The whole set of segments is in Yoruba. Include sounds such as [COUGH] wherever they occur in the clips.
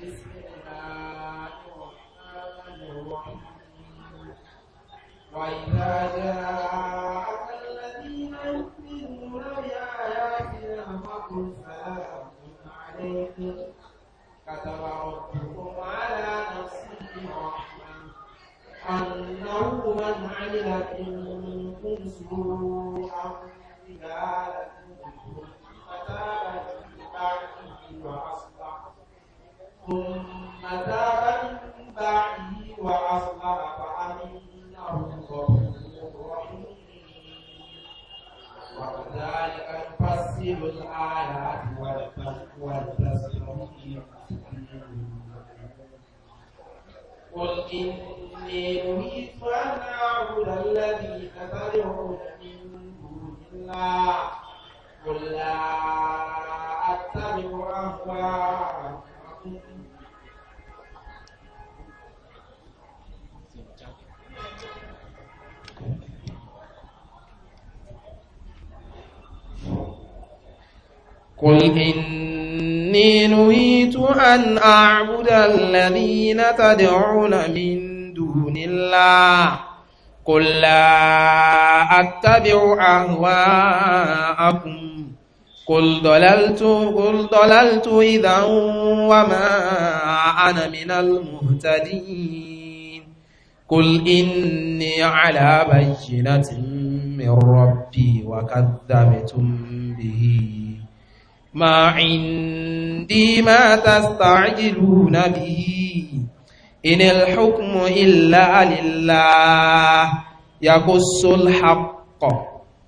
بسم الله الرحمن الرحيم وإذا جاءك الذين يؤمنون بآياتنا فقل سلام عليكم كتب ربكم على نفسه رحمة أنه من عمل منكم سوءا بجهالة ثم تاب من بعده وأصلح فأنه غفور رحيم وكذلك نفصل الآيات والتذكير قل إني نهيت أن أعبد الذين تدعون من دون الله قل لا أتبع أهواءكم قل إني نهيت أن أعبد الذين تدعون من دون الله قل لا أتبع أهواءكم قل ضللت قل ضللت إذا وما أنا من المهتدين قل إني على بينة من ربي وكذبتم به ما عندي ما تستعجلون به إن الحكم إلا لله يقص الحق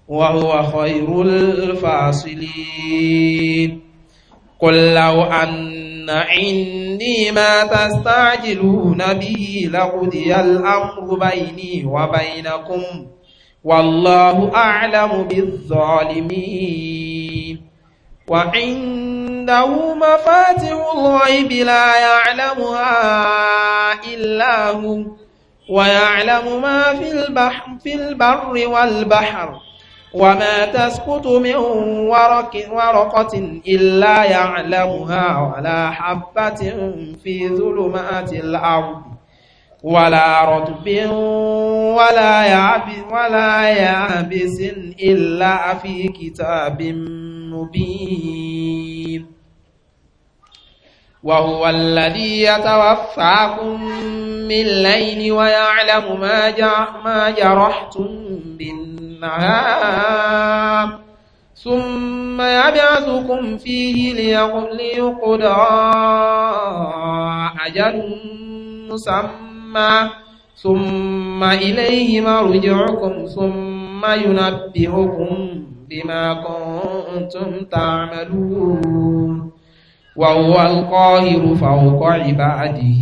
وهو خير الفاصلين قل لو أن عندي ما تستعجلون به لقضي الأمر بيني وبينكم والله أعلم بالظالمين وعنده مفاتح الغيب لا يعلمها إلا هو ويعلم ما في البحر في البر والبحر وما تسقط من ورق ورقة إلا يعلمها ولا حبة في ظلمات الأرض ولا رطب ولا يابس ولا يابس إلا في كتاب مبين وهو الذي يتوفاكم من الليل ويعلم ما ما جرحتم بالنهار ثم يبعثكم فيه ليقضى أجل مسمى ثم إليه مرجعكم ثم ينبئكم بما كنتم تعملون وهو القاهر فوق عباده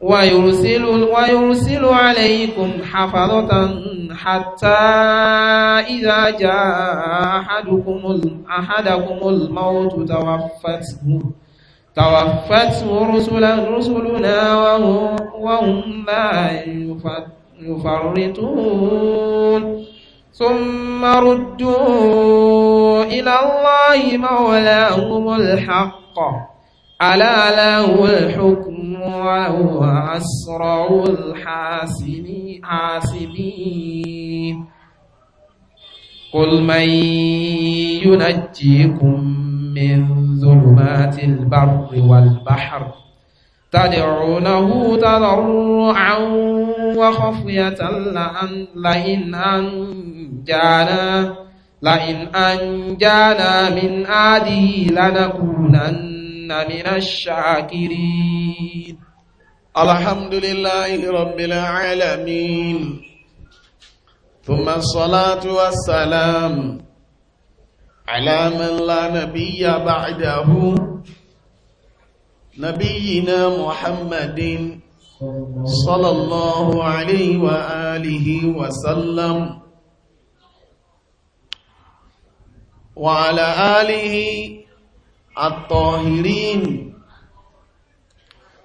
ويرسل, ويرسل عليكم حفظة حتى إذا جاء أحدكم, أحدكم الموت توفته توفته رسلا رسلنا وهم, وهم لا يفرطون ثم ردوا إلى الله مولاهم الحق ألا له الحكم وهو أسرع الحاسبين قل من ينجيكم من ظلمات البر والبحر تدعونه تضرعا وخفية لأن لئن أنجانا لئن أنجانا من هذه لنكونن من الشاكرين الحمد لله رب العالمين ثم الصلاة والسلام على من لا نبي بعده نبينا محمد صلى الله عليه وآله وسلم وعلى آله الطاهرين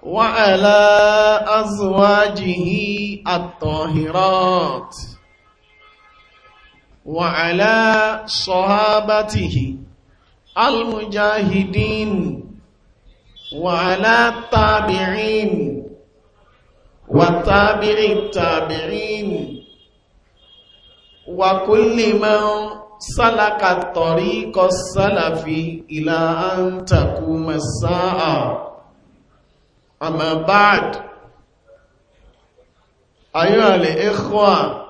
وعلى أزواجه الطاهرات وعلى صحابته المجاهدين وعلى التابعين وتابع التابعين وكل من سلك الطريق السلف إلى أن تقوم الساعة أما بعد أيها الإخوة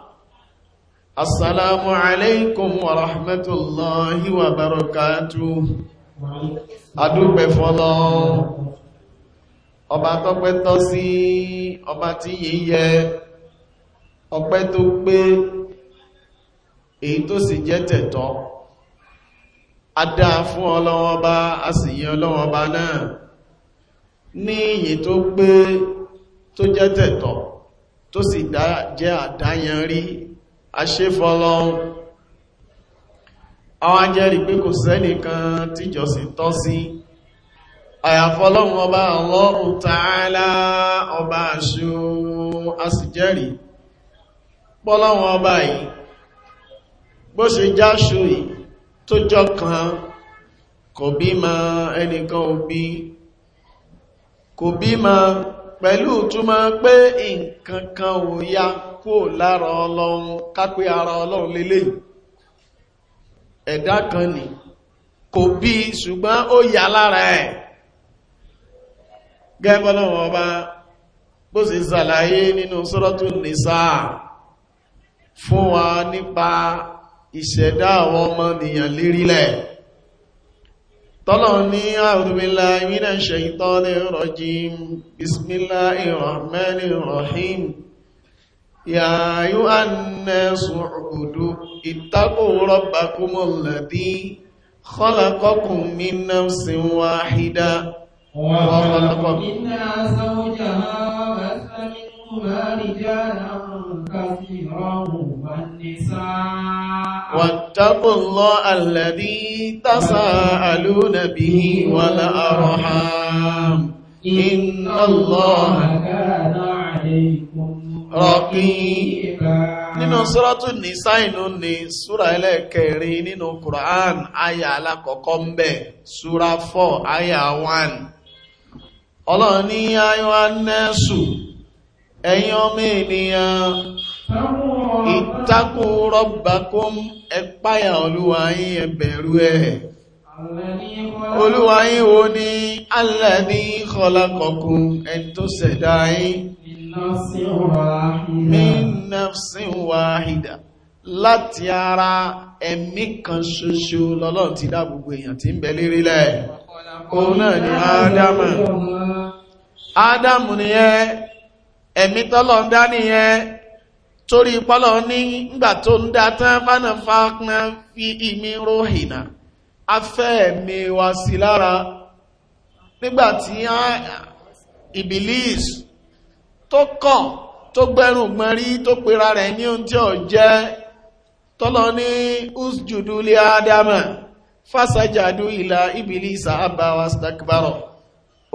السلام عليكم ورحمة الله وبركاته adúpẹ́ fọ́lọ́run ọba tọ́pẹ́ tọ́ sí ọba tí yìí yẹ ọpẹ́ tó pé èyí tó sì jẹ́ tẹ̀tọ́ a dáa fún ọlọ́wọ́ bá a sì yẹ ọlọ́wọ́ bá náà ní èyí tó pé tó jẹ́ tẹ̀tọ́ tó sì jẹ́ àdáyẹn rí aṣẹ́fọ́lọ́run àwọn ajẹ́rìí pé kò sẹ́nìkan tíjọsìn tọ́ sí àyàfọ́lọ́run ọba Allahu Ta'ala ọba àṣò asìjẹ́rìí pọ́lọ́run ọba yìí bó ṣe jáṣò yìí tó jọ kan kò bí ma ẹnìkan òbí kò bí ma pẹ̀lú túmọ̀ pé nǹkan ò yá kó lára ọlọ́run kápé ara ọlọ́run lélẹ́yìí ẹ̀dá kan ni kò bí ṣùgbọ́n ó yà lára ẹ̀ gẹ́gbọ́lọ́wọ́ ọba bó sì sàlàyé nínú Suratul Nisa fún wa nípa ìṣẹ̀dá àwọn ọmọnìyàn lérílẹ̀ tọ́lọ̀ ní a'udhu billahi minash shaitanir rajim bismillahir rahmanir rahim ya ayyuhan nasu اتقوا ربكم الذي خلقكم من نفس واحدة وخلق منها زوجها وبث منهما رجالا كثيرا والنساء واتقوا الله الذي تساءلون به والأرحام إن الله كان عليكم rọ̀kíbà nínú sọ́rọ́tù ní sáìnú ní súra ẹlẹ́kẹrin nínú Qur'an àyà alákọ̀ọ́kọ́ ń bẹ̀ súra 4 àyà 1 ọlọ́run ní ayọ́ anẹ́sù ẹ̀yin ọmọ ènìyàn ìtakù rọ́bàkún ẹ̀páyà olúwa yín ẹ bẹ̀rù ẹ̀ olúwa wo ni alẹ́ ní kọlákọ̀kún ẹ̀ tó ṣẹ̀dá yín min nafsin wahida láti ara ẹ̀mí kan ṣoṣo lọ́lọ́run ti dá gbogbo èèyàn tí ń bẹ lérí lẹ̀ òun náà ni ádámù ádámù nìyẹn ẹ̀mí tọ́lọ̀ ń dá nìyẹn torí pọ́lọ̀ ní ìgbà tó ń dá tán fánàfánà fi ìmí róhìnà afẹ́ ẹ̀mí wa sí lára ah, ibilis. tó kàn tó gbẹ́rùn gbọ́n rí tó pera rẹ̀ ní ohun tí ó jẹ́ tọ́lọ ní usjudu li adama fásajàdú ìlà ibilisa abba wastakbaro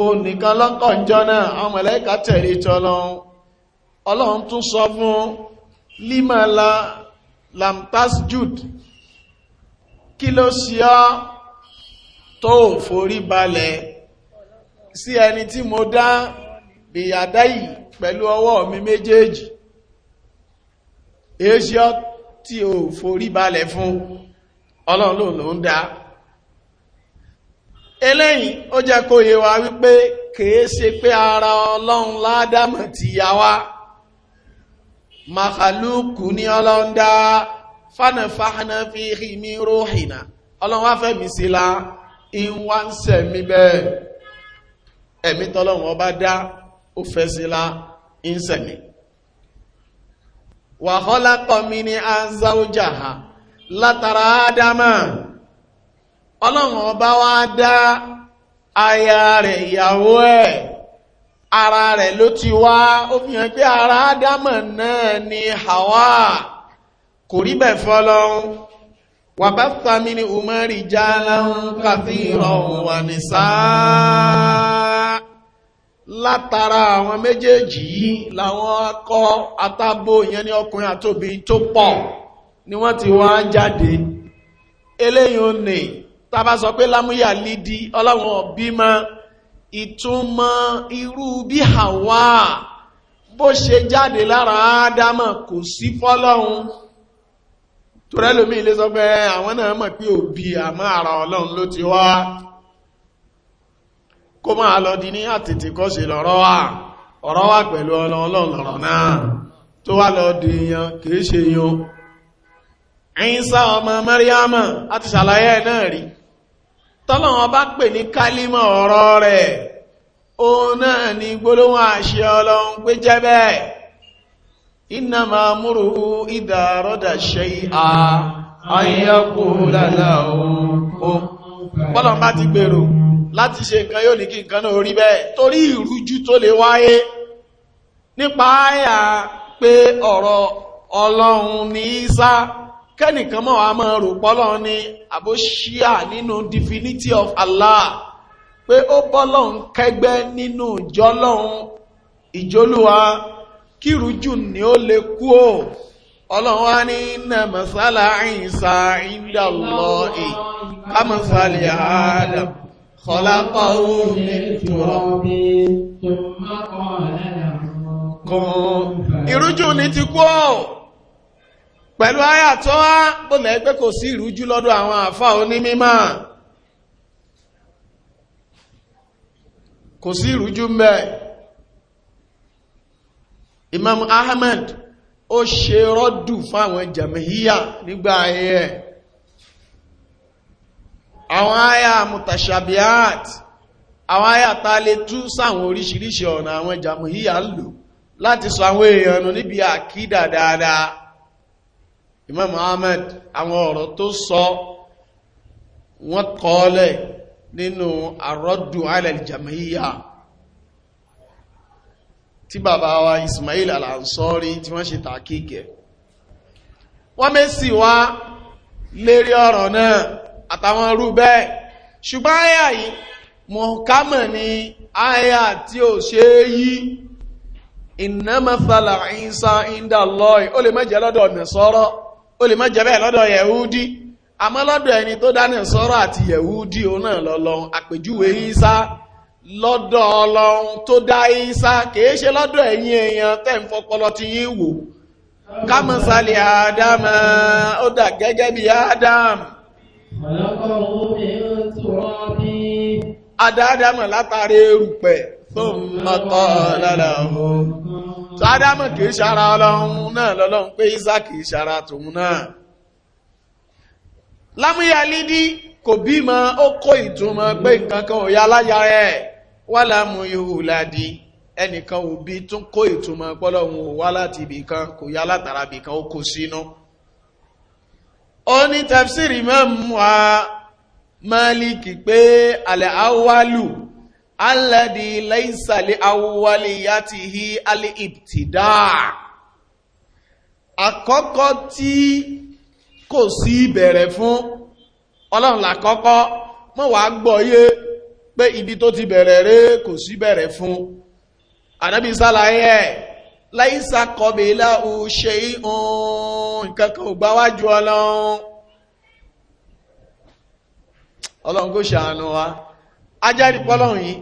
òun nìkan lọ́kànjọ́ náà àwọn mọ̀lẹ́kà tẹ̀lé tọ́lọ́hun ọlọ́run tún sọ fún límọ̀lá lamtasjud kí ló ṣe ọ́ tó forí balẹ̀ sí ẹni tí mo dá bìyàdá yìí pẹ̀lú ọwọ́ mi méjèèjì èéṣíọ́ tí o forí balẹ̀ fún ọlọ́run ló ń dá eléyìn ó jẹ́ kó yé wa wípé kèé ṣe pé ara ọlọ́run ládámọ̀ ti yá wá màkàlùkù ní ọlọ́run dá fánàfánà fi rí mí róhìnà ọlọ́run wá fẹ́mi sí la ìwà ń sẹ̀mí bẹ́ẹ̀ ẹ̀mí tọ́lọ́run ọba dá ó fẹ́ sí la ń ni wa khalaqa minha zawjaha látara ádámà ọlọ́run ọba wá dá aya rẹ̀ ìyàwó ẹ̀ ara rẹ̀ ló ti wá ó fi hàn pé ara ádámà náà ni Hawa kò rí bẹ̀ fọ́lọ́run wàbá fàmí ni umar ìjà aláhùn kàfíìrọ̀ wà ní látara àwọn méjèèjì yìí làwọn akọ atábó ìyẹn ní ọkùnrin àtòbí tó pọ̀ ni wọ́n ti wá jáde eléyìí ò ní tàbá sọ pé lámúyà lídí ọlọ́wọ́n bímọ ìtumọ̀ irú bí Hawa bó ṣe jáde lára Ádámà kò sí fọ́lọ́hun torẹ́lómi ilé sọ pé àwọn náà mọ̀ pé òbí àmọ́ ara Ọlọ́run ló ti wá kó máa lọ di ní àtìtì kọ́ ṣe lọ́rọ́ wà ọ̀rọ̀ wà pẹ̀lú ọlọ́ọ̀lọ́ lọ́rọ̀ náà tó wà lọ di yan kìí ṣe yan Ìsá ọmọ Mẹ́ríámà a ti ṣàlàyé náà rí tọ́lọ́wọ́n bá pè ní kálímọ̀ ọ̀rọ̀ rẹ̀ òun náà ni gbólóhùn àṣẹ ọlọ́run pé jẹ́ bẹ́ẹ̀ iná máa múrù ìdàrọ́dà ṣe à ayẹ́kù lálàó pọ́lọ̀ bá ti gbèrò láti ṣe nǹkan yóò ní kí nǹkan náà rí bẹ́ẹ̀ torí ìrújú tó lè wáyé nípa àyà pé ọ̀rọ̀ ọlọ́run ní Ìsá kẹ́nìkan mọ̀ wá mọ̀ rò ní àbóṣíà nínú divinity of Allah pé ó bọ́lọ́run kẹ́gbẹ́ nínú ìjọlọ́run ìjọlúwa kírújù ni ó lè kú ò ọlọ́run wá ní iná mọ̀sálà Ìsá ìdàlọ́ ì kámọ̀sálì Ádámù خلقه من تراب ثم قال له كن ìrújú ni ti kú ọ́ pẹ̀lú àyà tó wá kò sí ìrújú lọ́dọ̀ àwọn àfà onímímọ̀ kò sí ìrújú mbẹ̀ Imam Ahmed ó ṣe rọ́dù fáwọn jàmíhíyà nígbà àwọn àyà mutashabihat àwọn àyà ta lè tú sáwọn oríṣiríṣi ọ̀nà àwọn jàmùhíyà lò láti sọ àwọn èèyàn nù níbi àkídà dáadáa imam ahmed àwọn ọ̀rọ̀ tó sọ wọ́n kọ́ọ́lẹ̀ nínú àrọ́dù alẹ́ljàmíyà tí bàbá wa ismail alansori tí wọ́n ṣe tàkíkẹ̀ wọ́n mẹ́sì wá lérí ọ̀rọ̀ náà àtàwọn irú bẹ́ẹ̀ ṣùgbọ́n àyà yìí mọ̀kámọ̀ ni àyà tí ó ṣe yí iná mẹ́fàlà ìsá ìdá lọ́ì ó lè mẹ́jẹ lọ́dọ̀ ọ̀nà sọ́rọ̀ ó lè mẹ́jẹ bẹ́ẹ̀ lọ́dọ̀ yẹ̀húdí àmọ́ lọ́dọ̀ ẹni tó dá náà sọ́rọ̀ àti yẹ̀húdí ó náà lọ́lọ́run àpèjúwe ìsá ti yín wò kámọ́sálì ádámà ó dà gẹ́gẹ́ bí ádámà Adáadámọ̀ látàrí erùpẹ̀ tó mọ́tọ̀ lára ọ̀hún. Tó Ádámọ̀ kìí ṣara ọlọ́run náà lọ́lọ́run pé Ísá kìí ṣara tòun náà. Lámúyálídí kò bímọ ó kó ìtumọ̀ pé nǹkankan ò yá láyá ẹ̀ wà lámú ihò ládìí ẹnìkan òbí tún kó ìtumọ̀ pọ́lọ́run ò wá láti ibìkan kó sínú. No ó ní tafsiri Imam Maliki pé al-awwalu alladhi laysa li awwaliyatihi al-ibtida' àkọ́kọ́ tí kò sí ìbẹ̀rẹ̀ fún ọlọ́run làkọ́kọ́ mọ́ wàá gbọ́yé pé ibi tó ti bẹ̀rẹ̀ rẹ̀ kò sí bẹ̀rẹ̀ fún ànábì sálàyé láìsà kọbílá òṣè ìhùn kankan ò gbáwájú ọlọ́run ọlọ́run kò ṣàánú wa ajárí pọ́lọ́run yìí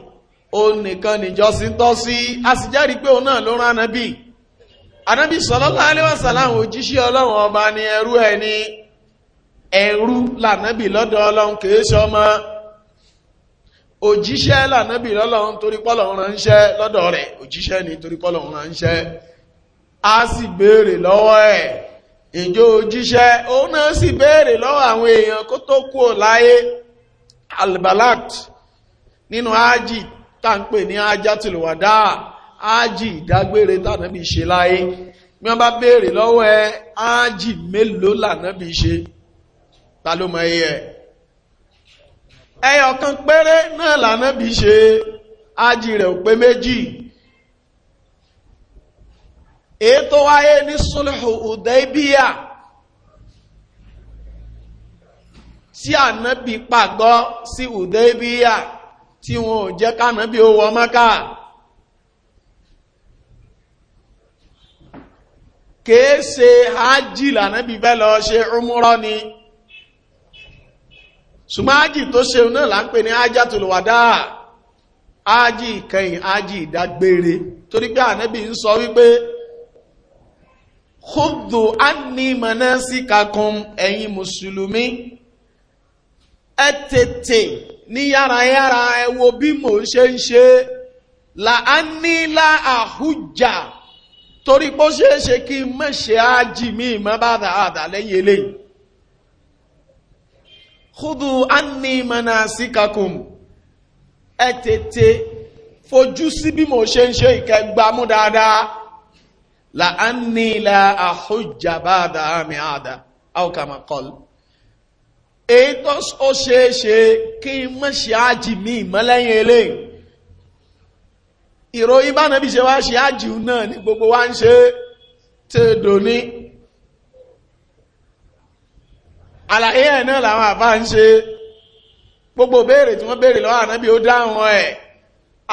ó nìkan nìjọsìn tọ́ sí a sì járí pé òun náà ló rán anábì anábì sọlọ́lá aléwàsàláhùn òjíṣẹ́ ọlọ́run ọba ni ẹrú ẹni ẹrú lànábì lọ́dọ̀ ọlọ́run kìí ṣọmọ òjíṣẹ́ lànábì lọ́lọ́run torí pọ́lọ̀run ránṣẹ́ lọ́dọ̀ rẹ̀ òjíṣẹ́ ni torí pọ́lọ̀run ránṣẹ́ a sì bèèrè lọ́wọ́ ẹ̀ ìjọ òjíṣẹ́ òun náà sì bèèrè lọ́wọ́ àwọn èèyàn kó tó kú láyé albalat nínú ájì ní ájì ìdágbére tànábì ṣe láyé bí wọ́n bá lọ́wọ́ ẹ ájì mélòó ẹyọ kan péré náà lànàbí ṣe ájì rẹ̀ ò pé méjì èyí tó wáyé ní sulhu Hudaybiya tí ànábì pàgọ́ sí Hudaybiya tí wọn ò jẹ́ kánábì ó wọ Mákà kèése ájì lànàbí bẹ́ẹ̀ lọ ṣe umrọ́ ni ṣùgbọ́n ájì tó ṣe náà là ń pè ní ájá tó lò wà dáa ájì ìkẹyìn ájì ìdágbére torí pé ànẹ́bí ń sọ wípé kódò á ní mọ̀nẹ́sí kankan ẹ̀yin mùsùlùmí ẹ tètè ní yárayára ẹ wo bí mò ń ṣe ń ṣe là á ní lá àhújà torí pé ó ṣeé ṣe kí mọ̀ ṣe ájì míì mọ́ bá dáadáa lẹ́yìn eléyìí khudu anni manasikakum ẹ tètè fojú sí bí mo ṣe ń ṣe ìkẹgbàmú dáadáa la anni la ahujja ba'da àmì àdá aw kama qal èyí tó ó ṣeéṣe kí n mọ̀ ṣe ájì mí ìmọ̀lẹ́yìn eléyìí ìròyìn bá nàbí ṣe wá ṣe ájì náà ni gbogbo wa ń ṣe tèdò ní àlàyé ẹ̀ náà làwọn àbá ń ṣe gbogbo béèrè tí wọ́n béèrè lọ́wọ́ ànábì ó dáhùn ẹ̀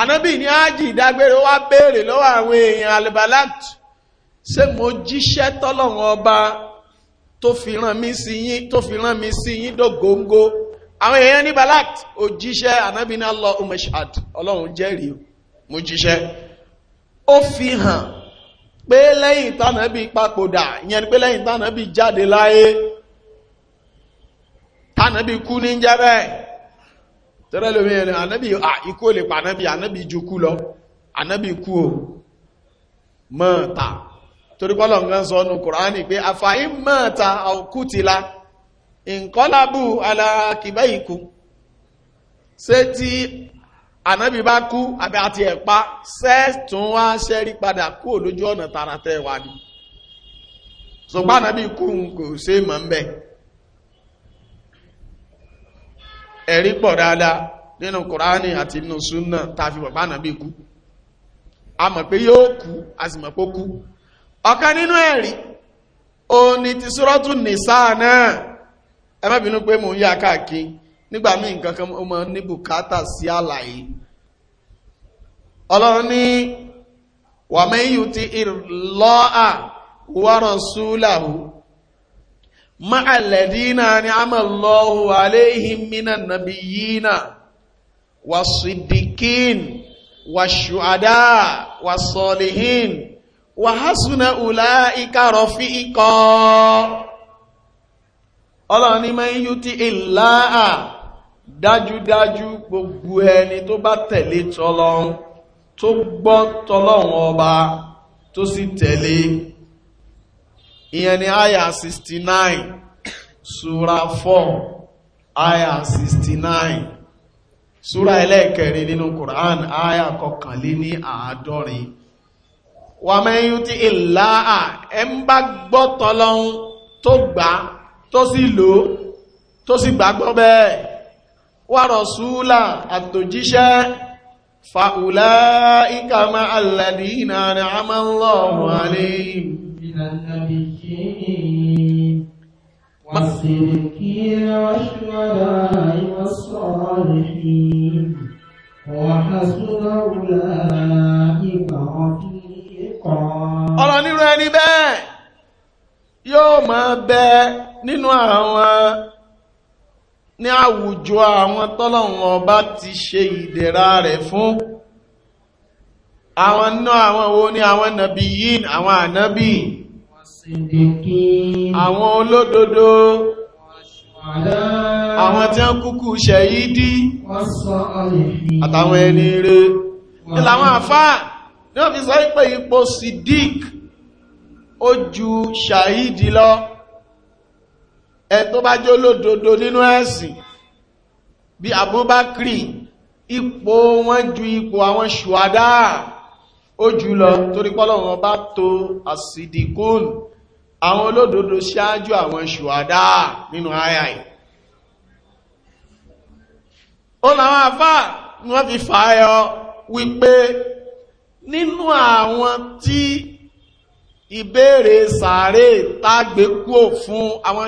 ànábì ní ájì ìdágbére ó wá béèrè lọ́wọ́ àwọn èèyàn alibalat ṣé mo jíṣẹ́ tọ́lọ́wọ́n ọba tó fi rán mi sí yín tó fi rán mi sí yín dògóńgó àwọn èèyàn ní balat ó jíṣẹ́ ànábì ní Allah umeshad ọlọ́run jẹ́rìí mo jíṣẹ́ ó fi hàn pé lẹ́yìn tánàbì papòdà ìyẹn pé lẹ́yìn tánàbì jáde láyé tánàbí kú ní jẹ́ bẹ́ẹ̀ tẹ́rẹ lómi ẹni ànábì ikú lè pa ànábì ànábì ju kú lọ ànábì kú o mọ́ta torí pọ́lọ̀ nǹkan sọ ọ́nù kùránì pé àfàí mọ́ta àkútìlá ìǹkọ́lábù alákìbẹ́ ikú ṣé tí ànábì bá kú àbí àti ẹ̀pá sẹ́ẹ̀tún wá ṣẹ́rí padà kú lójú ọ̀nà tààràtẹ̀ wà ní ṣùgbọ́n ànábì kú kò ṣe mọ̀ ń bẹ́ẹ̀ ẹ̀rí pọ̀ dáadáa nínú kùránì àti nínú súnà bàbá ànàbí kú a mọ̀ pé yóò a sì mọ̀ pé kú ọ̀kan nínú ẹ̀rí òun ti sọ́rọ́tù nìsáà náà ẹ má bínú pé mò ń yá káàkiri nígbà míì nǹkan kan ó ní bùkátà sí àlàyé ọlọ́run ní ti ìlọ́à ma'alladina ni amallahu alaihim minan nabiyina wasiddiqin washuhada wasolihin wa hasuna ulaika rafiqa ọlọ́run ní man yuti ìlàá dájúdájú gbogbo ẹni tó bá tẹ̀lé tọlọ́run tó gbọ́ tọlọ́run ọba tó sì tẹ̀lé ihe ni àyà 69 sura 4 àyà 69 sura ẹlẹ́ẹ̀kẹrin nínú Qur'an àyà kọkànlé ní àádọ́rin wà mẹ́yún tí ìlàá ẹ ń bá gbọ́ tọ́lọ́hun gba gbà tó sì lò tó sì gbàgbọ́ bẹ́ẹ̀ wà rọ̀súlà àtòjíṣẹ́ fàúlá ma alladina ni àmà Allahu alayhim والصديقين والشهداء والصالحين وحسن أولئك رفيقا ọ̀rọ̀ nínú ẹni bẹ́ẹ̀ yóò máa bẹ nínú àwọn ní àwùjọ àwọn tọ́lọ̀wọ̀n ọba ti ṣe ìdẹ̀ra rẹ̀ fún àwọn náà àwọn wo ni àwọn nàbí yìí àwọn ànábì àwọn olódodo àwọn tí wọ́n kúkú ṣẹ̀yídí àtàwọn ẹni rẹ̀ ìlàwọn àfáà ní wọ́n fi sọ pé ipò sidik ó ju ṣàyídí lọ ẹ tó bá jẹ́ olódodo nínú ẹ̀sìn bí abúbákìrì ipò wọn ju ipò àwọn ṣùwádá ó jù lọ torípọ́lọ̀ bá tó àsìdìkóòlù àwọn olódodo ṣáájú àwọn ṣùwádá nínú àyà yìí ó làwọn afá ni wọ́n fi fàáyọ wípé nínú àwọn tí ìbéèrè sàárè tágbé kúò fún àwọn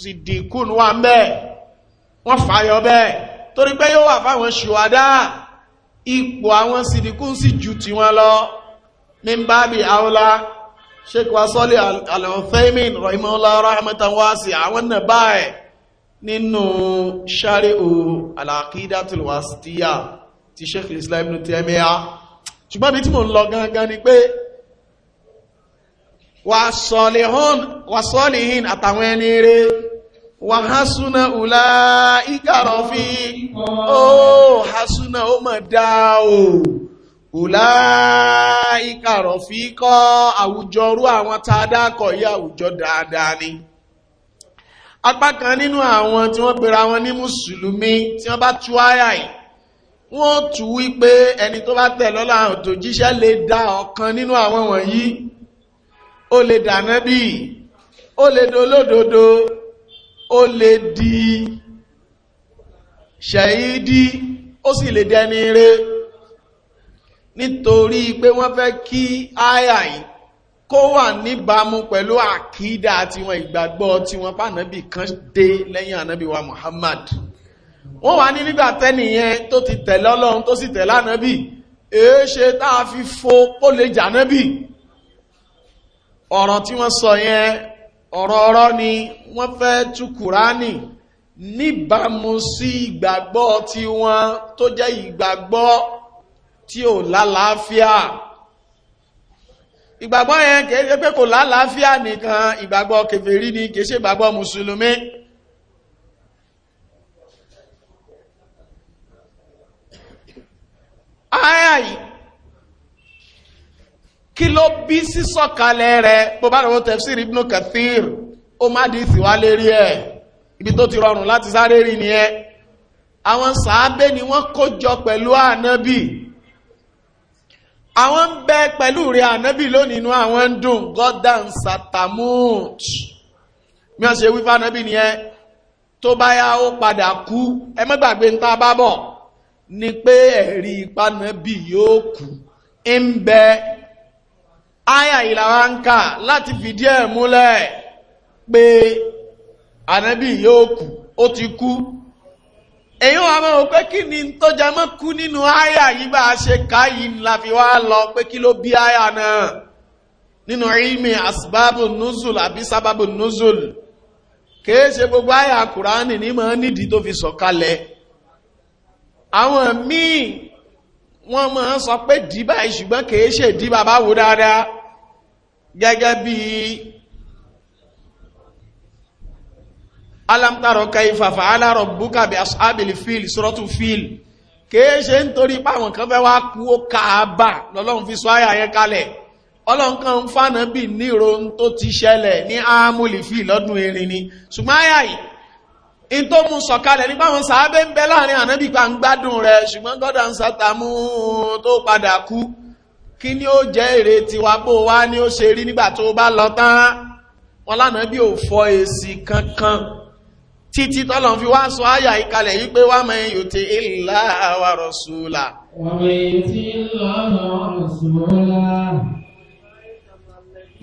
ṣìdìkún wà mẹ́ wọ́n fàáyọ bẹ́ẹ̀ torí pé yóò wà fáwọn ṣùwádá ipò àwọn ṣìdìkún sì ju tiwọn lọ mímbábi aula sheikh wa sọ́lé al-uthaymin rahimahullah rahmatan wasi àwọn náà báyẹ̀ nínú shari'u al-aqidatul wasitiyya ti sheikh islam ibn Taymiyyah ṣùgbọ́n bí tí mo ń lọ gangan ni pé wa salihin àtàwọn ẹni rẹ̀ wa hasuna ulaika rafiqa ó oh, hasuna ó mọ̀ dáa o Ùláìkà rọ̀fí kọ́ àwùjọ rú àwọn tàdákọ̀ yí àwùjọ dáadáa ni. Apá kan nínú àwọn tí wọ́n pera wọn ní Mùsùlùmí tí wọ́n bá tú àyà yìí, wọ́n tú wípé ẹni tó bá tẹ̀ lọ́lá àwọn tó jíṣẹ́ lè dá ọ̀kan nínú àwọn wọ̀nyí, ó lè dàná bí, ó lè dolódodo, ó lè di ṣẹ̀yí dí, ó sì lè dẹni rẹ̀ nítorí pé wọ́n fẹ́ kí àyà yìí kó wà níbàámu pẹ̀lú àkídà tiwọn ìgbàgbọ́ tiwọn pànàbì kan dé lẹ́yìn ànábì wa Muhammad wọ́n wà ní nígbà tẹ́nìyẹn tó ti tẹ̀lé Ọlọ́run tó sì tẹ̀lé ànábì èé ṣe tá a fi fo ó lè jànábì ọ̀rọ̀ tí wọ́n sọ yẹn ọ̀rọ̀ ọ̀rọ̀ ni wọ́n fẹ́ tú Kùránì níbàámu sí ìgbàgbọ́ tiwọn tó jẹ́ ìgbàgbọ́ tí ò lálàáfíà ìgbàgbọ́ yẹn kèé pé kò lálàáfíà nìkan ìgbàgbọ́ kèfèrí ni kèé ṣe ìgbàgbọ́ mùsùlùmí àyà yìí kí ló bí sísọ̀kalẹ̀ rẹ̀ bó bá rọ̀wọ́ tafsir Ibn Kathir ó má dì sí wá lérí ẹ̀ ibi tó ti rọrùn láti sáré rí ni ẹ àwọn sàábé ni wọ́n kó jọ pẹ̀lú ànábì àwọn ń bẹ pẹ̀lú rẹ̀ ànábì lónìí inú àwọn ń dùn gọ́dàn satamut mi ò ṣe wí fún ànábì nìyẹn tó bá yá ó padà kú ẹ má gbàgbé ń ta bá bọ̀ ni pé ẹ̀rí ìpànàbì yóò kú ń bẹ àyà ìlàwà ń kà láti fìdí ẹ̀ múlẹ̀ pé ànábì yóò kú ó ti kú èyí wàá mọ̀ pé kí ni tó jẹ mọ́ kú nínú àyà yìí bá a ṣe ká yìí la fi wá lọ pé kí ló bí àyà náà nínú ilmi asbabu nuzul àbí sábàbù nuzul kìí ṣe gbogbo àyà kùránì ní mọ́ nídìí tó fi sọ̀kalẹ̀ àwọn míì wọ́n máa sọ pé dìbà ṣùgbọ́n kìí ṣe dìbà bá dáadáa gẹ́gẹ́ bíi alamtaro kaifa ala rabbuka bi ashabil fil suratu fil ke se nítorí pa àwọn kan fẹ́ wá kú o kaaba lọ́lọ́run fi sọ aya yẹn kalẹ̀ Ọlọ́run kan fana bi ni ro n tó ti ṣẹlẹ̀ ní amul fil lọ́dún erin ni ṣùgbọ́n aya yìí in tó mú sọ kalẹ̀ nípa àwọn sahabe ń bẹ láàrin Ànábì pa ń gbádùn rẹ̀ ṣùgbọ́n goda n satamu tó padà kú kí ni ó jẹ́ èrè tiwa bó wá ni ó ṣe rí nígbà tó bá lọ tán wọn lánàá bí ò fọ èsì kankan títí tọ́lọ̀ fi wá sọ áyà ìkalẹ̀ yí pé wá mẹ́ yóò tí ìlà àwà rọ̀súlà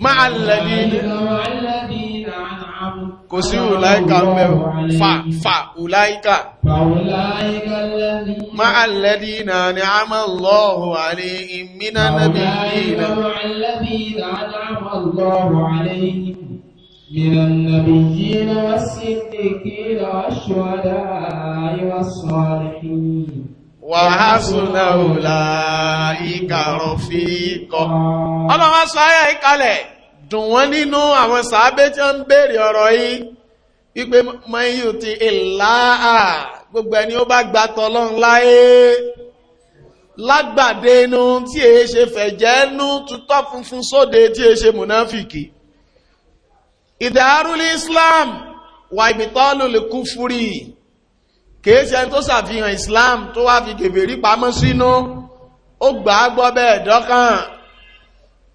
máa lẹ́dí kò sí ùláìkà mẹ́rù fa fa ùláìkà máa lẹ́dí na ni a máa lọ́ọ̀hù àrí ìmìnà nàbí ìlànà من النبيين والصديقين والشهداء والصالحين وحسن أولئك رفيقا ọlọ́wọ́ sọ ayé ìkalẹ̀ dùn wọ́n nínú àwọn sàábé tí ó ń béèrè ọ̀rọ̀ yìí wípé mọ́yí ti ìlàá gbogbo ẹni ó bá gba tọ́lọ́n láyé lágbàdénú tí èé ṣe fẹ̀jẹ́ nú tutọ́ funfun sóde tí èé ṣe mùnáfìkì ìdàrúlé islam wà ìbìtọ́lù lè kú fúrí kìí ṣe tó ṣàfihàn islam tó wá fi kèfèrí pamọ́ sínú ó gbà á gbọ́ bẹ́ẹ̀ dọ́kàn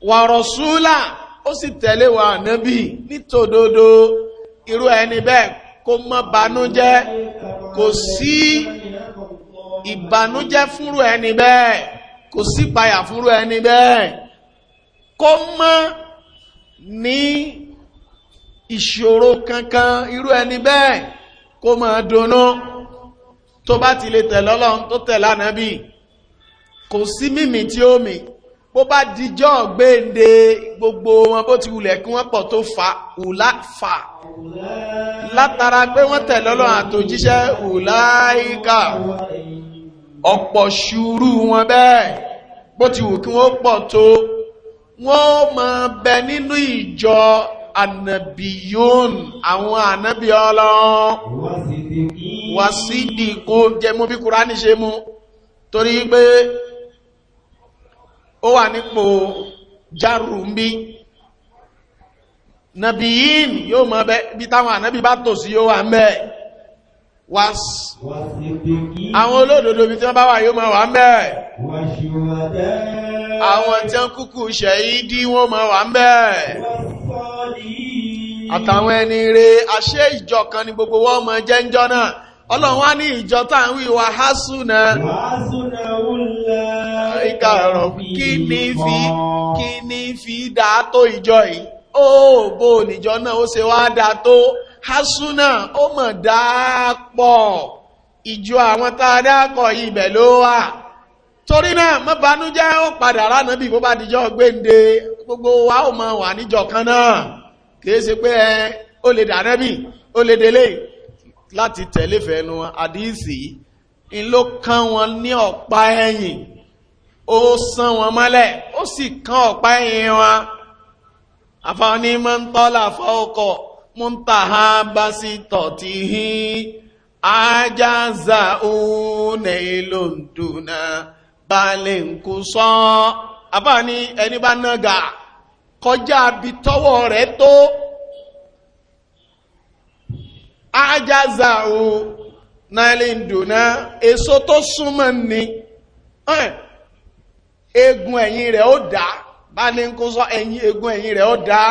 wà rọ̀súlà ó sì tẹ̀lé wa ànábì nítòdodo irú ẹni bẹ́ẹ̀ kó má banújẹ́ kò sí ìbànújẹ́ fúnrú ẹni bẹ́ẹ̀ kò sí payà fúnrú ẹni bẹ́ẹ̀ kó má ní ìṣòro kankan irú ẹni bẹ́ẹ̀ kó máa dunnú tó bá ti lè tẹ̀lé Ọlọ́run tó tẹ̀lé ànábì kò sí mímì tí ó mì bó bá dijọ́ gbéǹde gbogbo wọn bó ti wulẹ̀ kí wọ́n pọ̀ tó fa ùlá fa látara pé wọ́n tẹ̀lé Ọlọ́run àtòjíṣẹ́ ùláìka ọ̀pọ̀ ṣúrú wọn bẹ́ẹ̀ bó ti wù kí wọ́n pọ̀ tó wọ́n máa bẹ nínú ìjọ ànàbíyón àwọn ànàbí ọlọ́run wà sí dìkó jẹmú bí kúránì ṣe mú torí pé ó wà nípò járù ń bí nàbíyín yóò mọ bẹ bí táwọn ànàbí bá tò sí yóò wà ń bẹ àwọn olódodo bí tí wọ́n bá wà yóò mọ wà ń àwọn tí wọ́n kúkú ṣẹ̀yídí wọ́n máa wà ń bẹ́ẹ̀ àtàwọn ẹni re àṣẹ ìjọ kan ni gbogbo wọn máa jẹ́ ń jọ náà ọlọ́run wá ní ìjọ táà ń wí wà kí ni fi kí fi dá tó ìjọ yìí ó bó níjọ náà ó ṣe wá dá tó hásùnà ó mọ̀ dá pọ̀ ìjọ àwọn tá a dá pọ̀ ibẹ̀ ló wà. torí náà má banújẹ́ ó padà lánàá bí bó bá dijọ́ gbéǹde gbogbo wa ó máa wà níjọ kan náà kìí ṣe pé ẹ ó lè dànà bí ó lè délé láti tẹ̀lé fẹ́nu àdíìsì in ló kán wọn ní ọ̀pá ẹ̀yìn ó sán wọn mọ́lẹ̀ ó sì kán ọ̀pá ẹ̀yìn wọn àfàwọn ní mọ́ ń tọ́lá fọ́ọ̀kọ̀ mú ń tà á bá sí tọ̀tí hín ajáza òun nílò ń dùn náà balẹ̀ nkú sán àbá ní ẹni bá nága kọjá bí rẹ rẹ̀ tó ájázà o náàlì ìdùnà èso tó súnmọ́ ni egun ẹ̀yìn rẹ̀ ó dá bá ní egun ẹ̀yìn rẹ̀ ó dá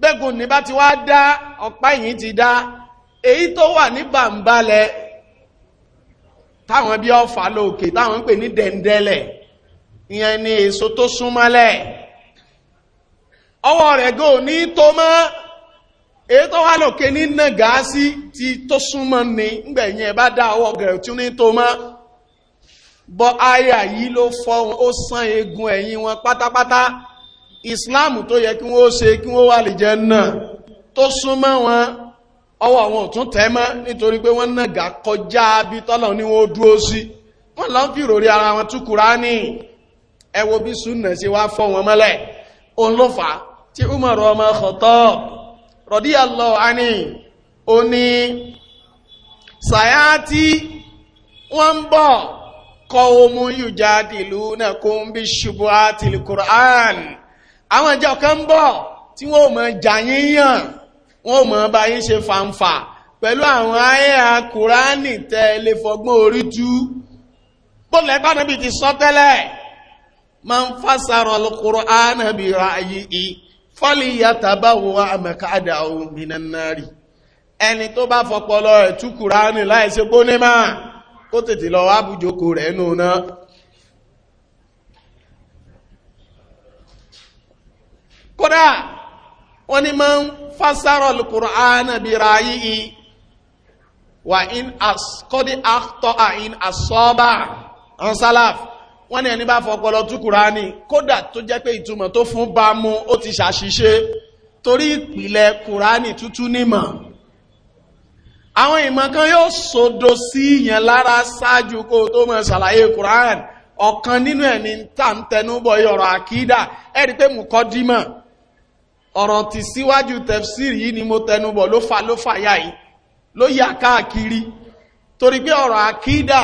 bẹ́gùn ní bá ti wá dá ọ̀pá ẹ̀yìn ti dá èyí tó wà ní bàǹbalẹ̀ táwọn bí ọfà lóòkè táwọn ń pè ní dẹ̀ndẹ̀lẹ̀ ìyẹn ni èso tó súnmọ́lẹ̀ ọwọ́ rẹ̀ gò ní tó mọ́ èyí tó wá lóòkè ní nàgá sí ti tó súnmọ́ ní ngbẹ̀yìn ẹ̀ bá dá ọwọ́ gẹ̀rẹ̀ tí ó ní tó mọ́ bọ́ àyà yìí ló fọ́ wọn ó sán eegun ẹ̀yìn wọn pátápátá islam tó yẹ kí wọ́n ó ṣe kí wọ́n wà lè jẹ́ náà tó súnmọ́ wọn ọwọ́ àwọn òtún tẹ́ mọ́ nítorí pé wọ́n nàgà kọjá bí tọ́lọ̀ ní wọ́n dúró sí wọ́n lọ ń fi ìròrí ara wọn tú Kùránì ẹ wo bí súnà sí wá fọ́ wọn mọ́lẹ̀ òun ló fà á tí Umar ọmọ Khattab radiyallahu anhu ó ní sàyáàtì wọ́n ń bọ̀ qawmu yujadilunakum bishubuhatil Qur'an àwọn ìjọ kan ń bọ̀ tí wọ́n mọ̀ jàyíyàn wọ́n mọ̀ bá yín ṣe fàǹfà pẹ̀lú àwọn àyà kùránì tẹ́ lè fọgbọ́n orí tú bó lẹ́pàá níbi ti sọ tẹ́lẹ̀ máa ń fásarọ̀ lọ́kùrọ̀ ánàbì ra ayé i fọ́lì yàtàbá wo àmẹ́kádà òmìnirì ẹni tó bá fọpọlọ rẹ̀ tú kùránì láìsí gbónímà kó tètè lọ wá rẹ̀ nù náà kódà wọ́n ni máa ń fásárọ̀ lùkùránà bí ráyí i wà in kọ́dí àtọ́ à in àsọ́bà ansalaf wọ́n ni ẹni bá fọpọlọ tú kùránì kódà tó jẹ́ pé ìtumọ̀ tó fún bá mú ó ti ṣàṣìṣe torí ìpìlẹ̀ kùránì tútú nímọ̀ àwọn ìmọ̀ kan yóò sodo sí ìyẹn lára ṣáájú kó tó mọ̀ ṣàlàyé kùránì ọ̀kan nínú ẹ̀ni tàǹtẹnúbọ̀ yọ̀rọ̀ àkídà ẹ̀rí pé mùkọ́ ọ̀rọ̀ ti síwájú tefsir yìí ni mo tẹnubọ̀ ló fa ló fa yá yìí ló yà káàkiri torí pé ọ̀rọ̀ àkídà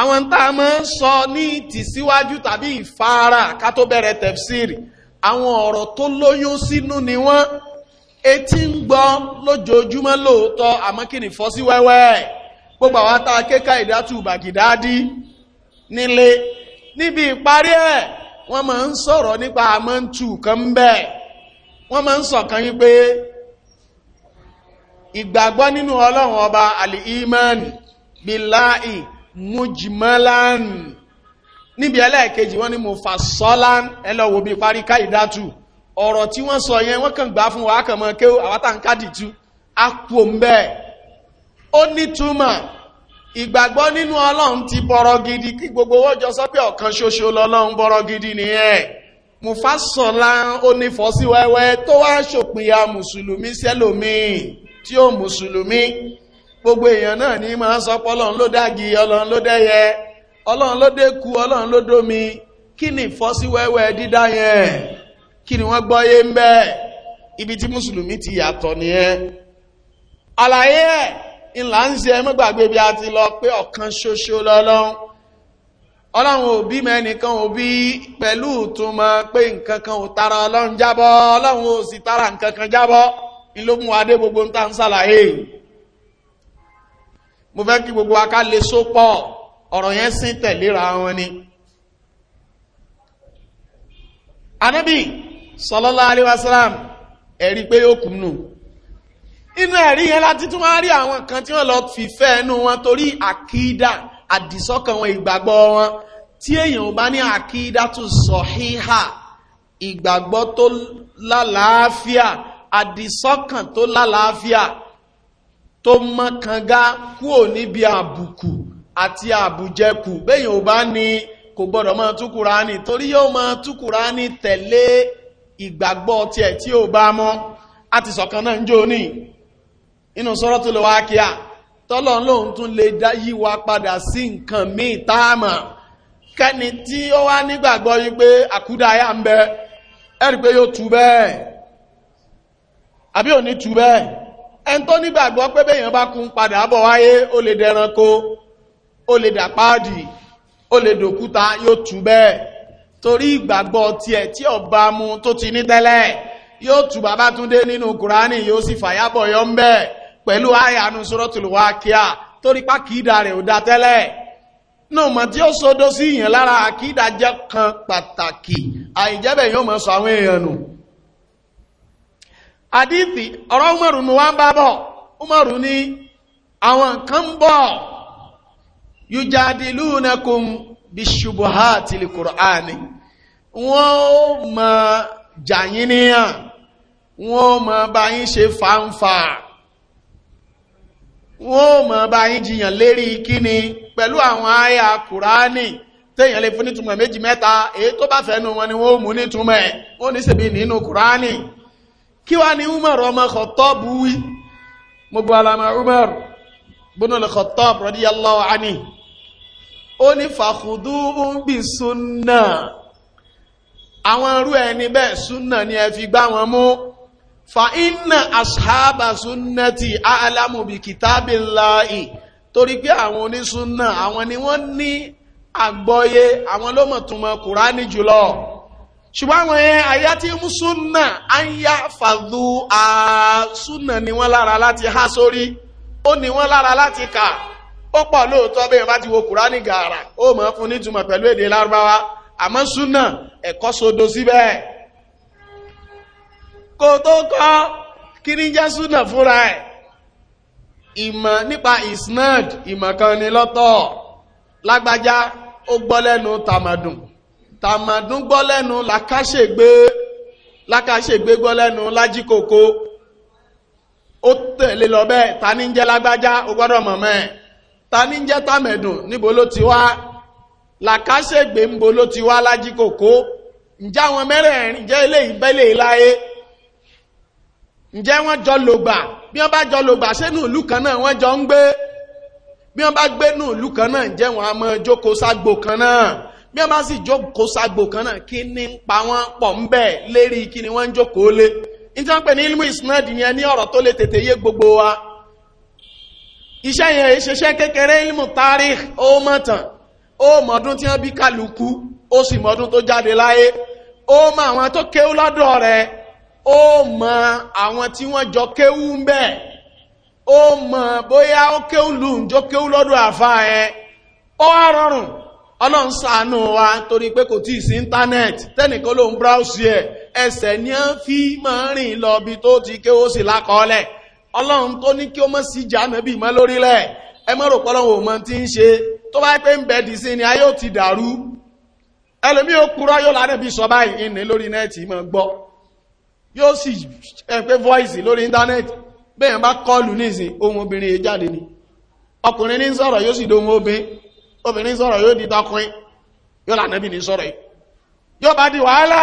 àwọn tá a máa ń sọ ní ti síwájú tàbí ìfara ká tó bẹ̀rẹ̀ tefsir àwọn ọ̀rọ̀ tó lóyún sínú ni wọ́n etí ń gbọ́ lójoojúmọ́ lóòótọ́ àmọ́ kí ni fọ́ sí wẹ́wẹ́ gbogbo àwọn tá a kéka ìdátù bàgìdádí nílé níbi ìparí ẹ̀ wọ́n máa ń sọ̀rọ̀ nípa àmọ́ ń tu kan bẹ́ẹ̀ wọ́n máa ń sọ̀kan yí pé ìgbàgbọ́ nínú ọlọ́run ọba alìímánì bíláì mújìmọ́lán níbi ẹlẹ́ẹ̀kejì wọ́n ní mo fà sọ́lán ẹlọ́wò bí parí káìdátù ọ̀rọ̀ tí wọ́n sọ yẹn wọ́n kàn gbá fún wa kàmọ́ kéwò àwátàǹkádìtú àpò mbẹ́ ó nítumọ̀ ìgbàgbọ́ nínú ọlọ́run ti bọ̀rọ̀ gidi kí gbogbo wọ́jọ sọ pé ọ̀kan ṣoṣo lọ́lọ́run bọ̀rọ̀ gidi nìyẹn mufasọ̀lá onífọ́sí wẹ́wẹ́ tó wá ṣòpinya mùsùlùmí sẹ́lòmíì tí ó musulumi gbogbo èèyàn náà ní máa sọ pé ọlọ́run ló dági ọlọ́run ló dẹ́yẹ ọlọ́run ló dẹ́ku ọlọ́run ló dómi kí ni ìfọ́sí wẹ́wẹ́ dídá yẹn kí ni wọ́n gbọ́yé ń bẹ́ ibi tí mùsùlùmí ti yàtọ̀ nìyẹn àlàyé ẹ̀ ńlá ń ṣe mọ́gbàgbé bí a ti lọ pé ọ̀kan ṣoṣo lọ́lọ́run ọlọ́run òbí mẹ́nìkan òbí pẹ̀lú ìtumọ̀ pé nǹkan kan ò tara ọlọ́run jábọ́ ọlọ́run ò sì tara nǹkan kan jábọ́ ìlógún adé gbogbo ń ta ń sàlàyé mo fẹ́ kí gbogbo aká lè sópọ̀ ọ̀rọ̀ yẹn sí tẹ̀léra wọn ni anábì sọlọ́lá aléwàsálàm ẹ̀rí pé yóò kùnú inú ẹ̀rí yẹn láti tún wá rí àwọn kan tí wọ́n lọ fi fẹ́ ẹnu wọn torí àkídà àdìsọ́kàn wọn ìgbàgbọ́ wọn tí èèyàn bá ní àkídà tó sọ híhà ìgbàgbọ́ tó lálàáfíà àdìsọ́kàn tó lálàáfíà tó mọ́kànga kúò níbi àbùkù àti àbùjẹkù béèyàn ò bá ní kò gbọ́dọ̀ máa tú Kùránì torí yóò máa tú Kùránì tẹ̀lé ìgbàgbọ́ tiẹ̀ tí ò bá mọ́ àti sọ̀kan náà ń jó ní inú suratul wákíà tọ́lọ̀ lóhun tún lè dá yíwa padà sí nǹkan míì táàmà kẹ́ni tí ó wá nígbàgbọ́ yí pé àkúdáyà ń bẹ ẹ̀rí pé yóò tú bẹ́ẹ̀ àbí ò ní tú bẹ́ẹ̀ ẹn tó nígbàgbọ́ pé bẹ́yàn bá kún padà bọ̀ wáyé ó lè dẹranko ó lè dàpáàdì ó lè dòkúta yóò tú bẹ́ẹ̀ torí ìgbàgbọ́ tiẹ̀ tí ọba mu tó ti ní tẹ́lẹ̀ yóò tú Babátúndé nínú Kùránì yóò sì fàyàbọ̀ yọ ń bẹ́ẹ̀ pẹ̀lú àyànú n'usoro wá torí pá kìídà rẹ̀ ò dá tẹ́lẹ̀ náà mọ̀ tí ó sódó sí ìyàn lára àkídà jẹ́ kan pàtàkì àìjẹ́bẹ̀ yóò mọ̀ sọ àwọn èèyàn nù àdíìtì ọ̀rọ̀ Umaru ni wá ń bá bọ̀ ni àwọn nǹkan ń bọ̀ yujadilunakum bishubuhati l-Qur'ani wọ́n mọ̀ wọ́n wọ́n mọ̀ bá yín jiyàn lérí kíni pẹ̀lú àwọn àyà kùránì téèyàn lè fún nítumọ̀ méjì mẹ́ta èyí tó bá fẹ́nu wọn ni wọ́n mú nítumọ̀ ẹ̀ wọ́n ní ṣebí nínú kùránì kí wá ní Umar ọmọ Khattabu wí gbogbo alama Umar bunul Khattab radiyallahu anhu ó ní fàkùdú ń bì súnà àwọn irú ẹni bẹ́ẹ̀ súnà ni ẹ fi gbá wọn mú fa inna ashaba sunnati a'lamu bi kitabillahi torí pé àwọn onísúnnà àwọn ni wọ́n ní àgbọ́yé àwọn ló mọ̀ túnmọ̀ kùránì jùlọ ṣùgbọ́n àwọn yẹn àyá tí mú súnnà á ń yá fàdú àsúnnà ni wọ́n lára láti há sórí ó ní wọ́n lára láti kà ó pọ̀ lóòótọ́ bẹ́ẹ̀ bá ti wo kùránì gàrà ó mọ̀ fún nítumọ̀ pẹ̀lú èdè lárúbáwá àmọ́ súnnà ẹ̀kọ́ sodo síbẹ̀ kó tó kọ́ kí ní jẹ́ súnà fúnra ẹ̀ ìmọ̀ nípa isnad ìmọ̀ kan ni lọ́tọ̀ lágbájá ó gbọ́ lẹ́nu tàmàdùn tàmàdùn gbọ́ lẹ́nu làkàṣègbè lákàṣègbè gbọ́ lẹ́nu lájíkòkó ó tẹ̀lé lọ bẹ́ẹ̀ ta ní jẹ́ lágbájá ó gbọ́dọ̀ mọ̀mọ́ ẹ̀ ta ní jẹ́ tàmẹ̀dùn níbo ló ti wá làkàṣègbè níbo ló ti wá lájíkòkó ǹjẹ́ àwọn mẹ́rẹ̀ẹ̀rin jẹ́ eléyìí bẹ́lẹ̀ láyé ǹjẹ́ wọ́n jọ lògbà bí wọ́n bá jọ lògbà sínú ìlú kan náà wọ́n jọ ń gbé bí wọ́n bá gbé nù ìlú kan náà ǹjẹ́ wọ́n á máa jókòó ságbò kan náà bí wọ́n bá sì jókòó ságbò kan náà kí ni ń pa wọ́n pọ̀ ń bẹ̀ lérí kí ni wọ́n ń jókòó lé nítorí pé ní ilmu isnad yẹn ní ọ̀rọ̀ tó lè tètè yé gbogbo wa iṣẹ́ yẹn ìṣeṣẹ́ kékeré ilmu tarikh ó mọ̀ tán ó mọ̀ọ́dún tí wọ́n bí kálukú ó sì mọ̀ọ́dún tó jáde láyé ó mọ àwọn tó kéwú lọ́dọ̀ rẹ̀ ó mọ àwọn tí wọ́n jọ kéwú ń bẹ̀ ó mọ bóyá ó kéwú lù ń jọ kéwú lọ́dún àfá ẹ ó wá rọrùn ọlọ́run sàánú wa torí pé kò tí sí íńtánẹ́ẹ̀tì tẹ́nìkan ló ń bráùsì ẹ̀ ẹsẹ̀ ní á fi máa rìn lọ bí tó ti kéwó sí lákọọ́lẹ̀ ọlọ́run tó ní kí ó mọ́ sí ìjà nàbí mọ́ lórílẹ̀ ẹ mọ́ rò pọ́lọ́run ò mọ tí ń ṣe tó bá pé ń bẹ̀dì sí ni ayé ò ti dàrú ẹlòmí ó kúrọ́ yóò lárẹ́bí sọ báyìí ní lórí nẹ́ẹ̀tì mọ́ gbọ́ yóò sì ẹ̀pẹ́ voice lórí internet bẹ́ẹ̀ bá kọlù nísìn ohun obìnrin yìí ni ọkùnrin ní sọ̀rọ̀ yóò sì dohun obìn obìnrin sọ̀rọ̀ yóò di tọkùnrin yóò lànàbì ní sọ̀rọ̀ yìí yóò bá di wàhálà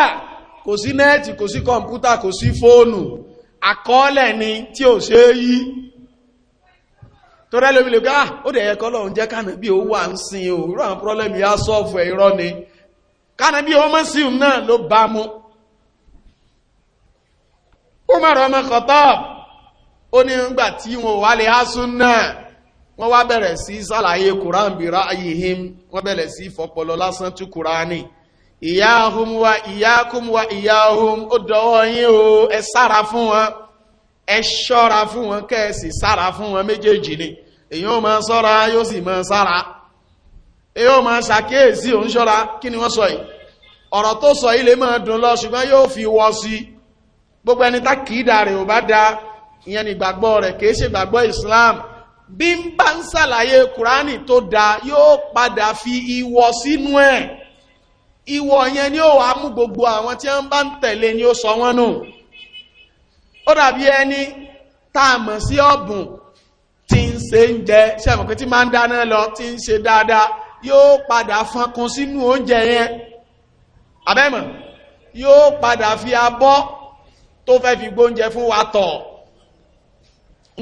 kò sí nẹ́ẹ̀tì kò sí kọ̀mpútà kò sí fóònù àkọọ́lẹ̀ ni tí ò ṣe é yí torẹ́ lómi lè ká ah, ó dẹ̀ ẹ̀kọ́ lọ́run jẹ́ kánàbí ó wà ń sin òwúrọ̀ àwọn pírọ́lẹ́mì yá sọ́ọ̀fù ẹ̀rọ ni kánàbí ó mọ́ sí òun náà ló bá mú umar ọmọ kọtọ́b ó ní ń tí wọn wà lè hásún náà wọn wá bẹ̀rẹ̀ sí sàlàyé kùrán bìrá ayihim wọ́n bẹ̀rẹ̀ sí fọpọlọ lásán tú kùránì ìyáhùn wa ìyákùn wa ìyáhùn ó dọwọ́ yín o ẹ sára fún wọn ẹ fún wọn sára fún wọn méjèèjì ni máa yóò sì máa sára máa ṣàkíyèsí òun kí ni sọ yìí Ọrọ tó sọ máa dùn lọ yóò fi wọ sí gbogbo ẹni tá kìí dà rẹ̀ ò bá da ìyẹn ni ìgbàgbọ́ rẹ̀ kìí ṣe ìgbàgbọ́ Islam bí ń bá ń ṣàlàyé kùránì tó da yóò padà fi ìwọ sínú ẹ̀ ìwọ yẹn ni ó wàá mú gbogbo àwọn tí wọ́n bá ń tẹ̀lé ni ó sọ wọ́n nù ó dàbí ẹni tá a mọ̀ sí ọ̀bùn tí ń ṣe ń jẹ ṣẹ́mọ̀ pé tí máa ń dáná lọ tí ń ṣe dáadáa yóò padà fankun sínú oúnjẹ yẹn abẹ́mọ̀ yóò padà fi abọ́ tó fẹ́ fi gbóúnjẹ fún wa tọ̀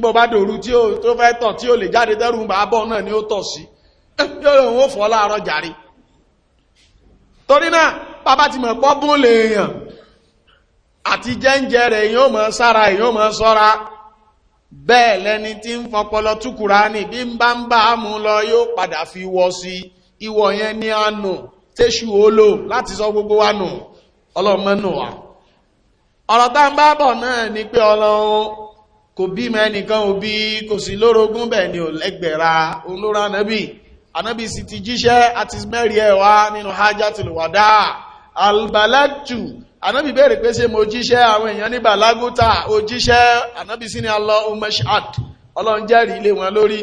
bó bá dòru tí ó tó fẹ́ tọ̀ tí ó lè jáde dẹ́rù bá bọ́ náà ni ó tọ̀ sí [LAUGHS] yóò wọ́n fọ́ láàárọ̀ jàre torí náà bàbá ti mọ̀ pọ́ bó lè èèyàn àti jẹ́ǹjẹ rẹ̀ èèyàn mọ̀ sára èèyàn mọ̀ sọ́ra bẹ́ẹ̀ lẹni tí ń fọpọlọ túkùrá ní bí ń bá ń bá mú lọ yóò padà fi wọ sí ìwọ̀ yẹn ní àánú tẹ́ṣù olóò láti sọ gbogbo wa nù ọlọ́mọ wa ọ̀rọ̀ tá ń bá bọ̀ náà ni pé ọlọ́run kò bímọ ẹnìkan ò bí kò sí lórogún bẹ́ẹ̀ ni ò lẹ́gbẹ̀ra olóra anábì anábì sì ti jíṣẹ́ àti mẹ́rin ẹ̀ wá nínú hajjatul wada albalatu anábì béèrè pé ṣé mo jíṣẹ́ àwọn èèyàn ní balaguta ó jíṣẹ́ anábì sí ni Allahumma shahad ọlọ́run jẹ́rìí lé wọn lórí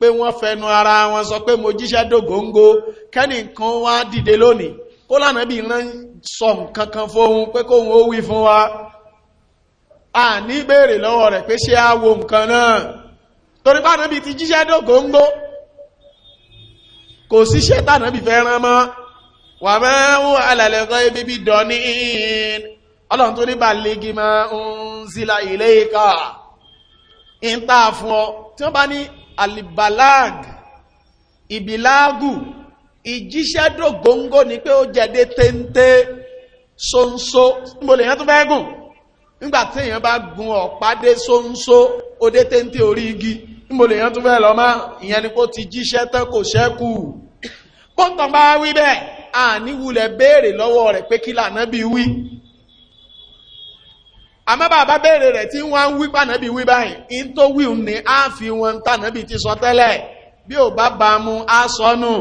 pé wọ́n fẹnu ara wọn sọ pé mo jíṣẹ́ dògóńgó kẹ́nìkan wá dìde lónìí kó lànà bí rán sọ nǹkan kan fóhun pé kóhun ó wí fún wa a ní béèrè lọ́wọ́ rẹ̀ pé ṣé a wo nǹkan náà torí bá náà bí ti jíṣẹ́ dógóńgó kò síṣẹ́ tànàbí fẹ́ rán mọ́ wà mẹ́rún alẹ́lẹ́kọ́ ibi bí dọ́ní ọlọ́run tó alibalag ìbìlágù ìjíṣẹ́ dògóńgó ni pé ó jẹ́dé téńté ṣóńṣó níbo lèèyàn tó fẹ́ gùn nígbà tí èèyàn bá gun ọ̀pá dé ṣóńṣó ó dé téńté orí igi níbo lèèyàn tó fẹ́ lọ mọ́ ìyẹn ni pé ó ti jíṣẹ́ tán kò ṣẹ́kù pọ́ńtàn bá wí bẹ́ẹ̀ àníwulẹ̀ béèrè lọ́wọ́ rẹ̀ pé kí lànà bí wí àmọ́ bàbá béèrè rẹ̀ tí wọ́n ń wí pànàbí wí báyìí in tó wí ní ààfin wọn tànàbí ti sọ tẹ́lẹ̀ bí ò bá bá mú á sọnù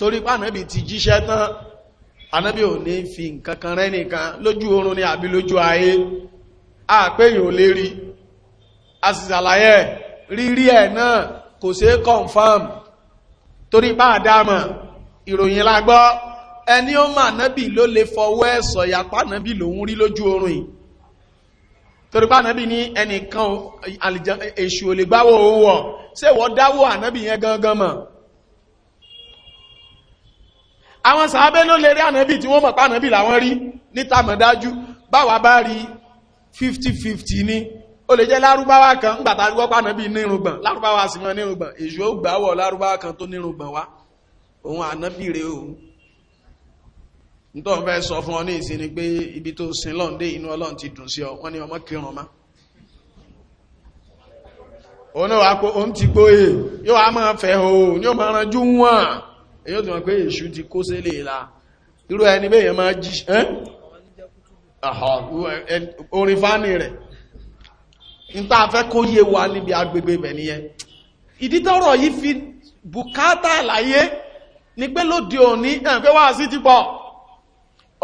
torí pé ànábì ti jíṣẹ́ tán ànábì ò ní fi nǹkan kan rẹ́ nìkan lójú oorun ni àbí lójú ayé àpéyìn ò lè rí a sì ṣàlàyé rírí ẹ̀ náà kò ṣeé confam torí pé àdámọ̀ ìròyìn la gbọ́ ẹni ó mà nábì ló lè fọwọ́ ẹ̀ sọ̀yà pánábì lòún rí lójú oorun yìí torí pé ànábì ní ẹnìkan èṣù ò lè gbáwò owó wọ̀ ṣé wọ́n dáwọ́ ànábì yẹn gangan mọ̀ àwọn sàábé ló lè rí ànábì tí wọ́n mọ̀ pa ànábì làwọn rí níta mọ̀ dájú báwa bá rí 50-50 ní ó lè jẹ́ lárúbáwá kan gbàtà arúgbọ́ pa ànábì nírùngbọ̀n lárúbáwá sì mọ́ nírùngbọ̀n èṣù ó gbàwọ̀ lárúbáwá kan tó nírùngbọ̀n wá òun ànábì rẹ̀ òun nítorí fẹ́ sọ fún ọ ní ìsinmi pé ibi tó sin lọ́ndé inú ọlọ́run ti dùn sí ọ wọ́n ní ọmọ gbóyè yóò wá máa fẹ́ o yóò máa ranjú wọ́n èyí ò ti mọ̀ pé èṣù ti kó sílé ìlà irú ẹni bẹ́yẹn máa jí orin fáni rẹ̀ ní tá a fẹ́ kó yé wa níbi agbègbè bẹ̀ nìyẹn ìdí tọ́rọ̀ yìí fi bùkátà láyé ní pé lóde òní ẹ̀ pé sí ti pọ̀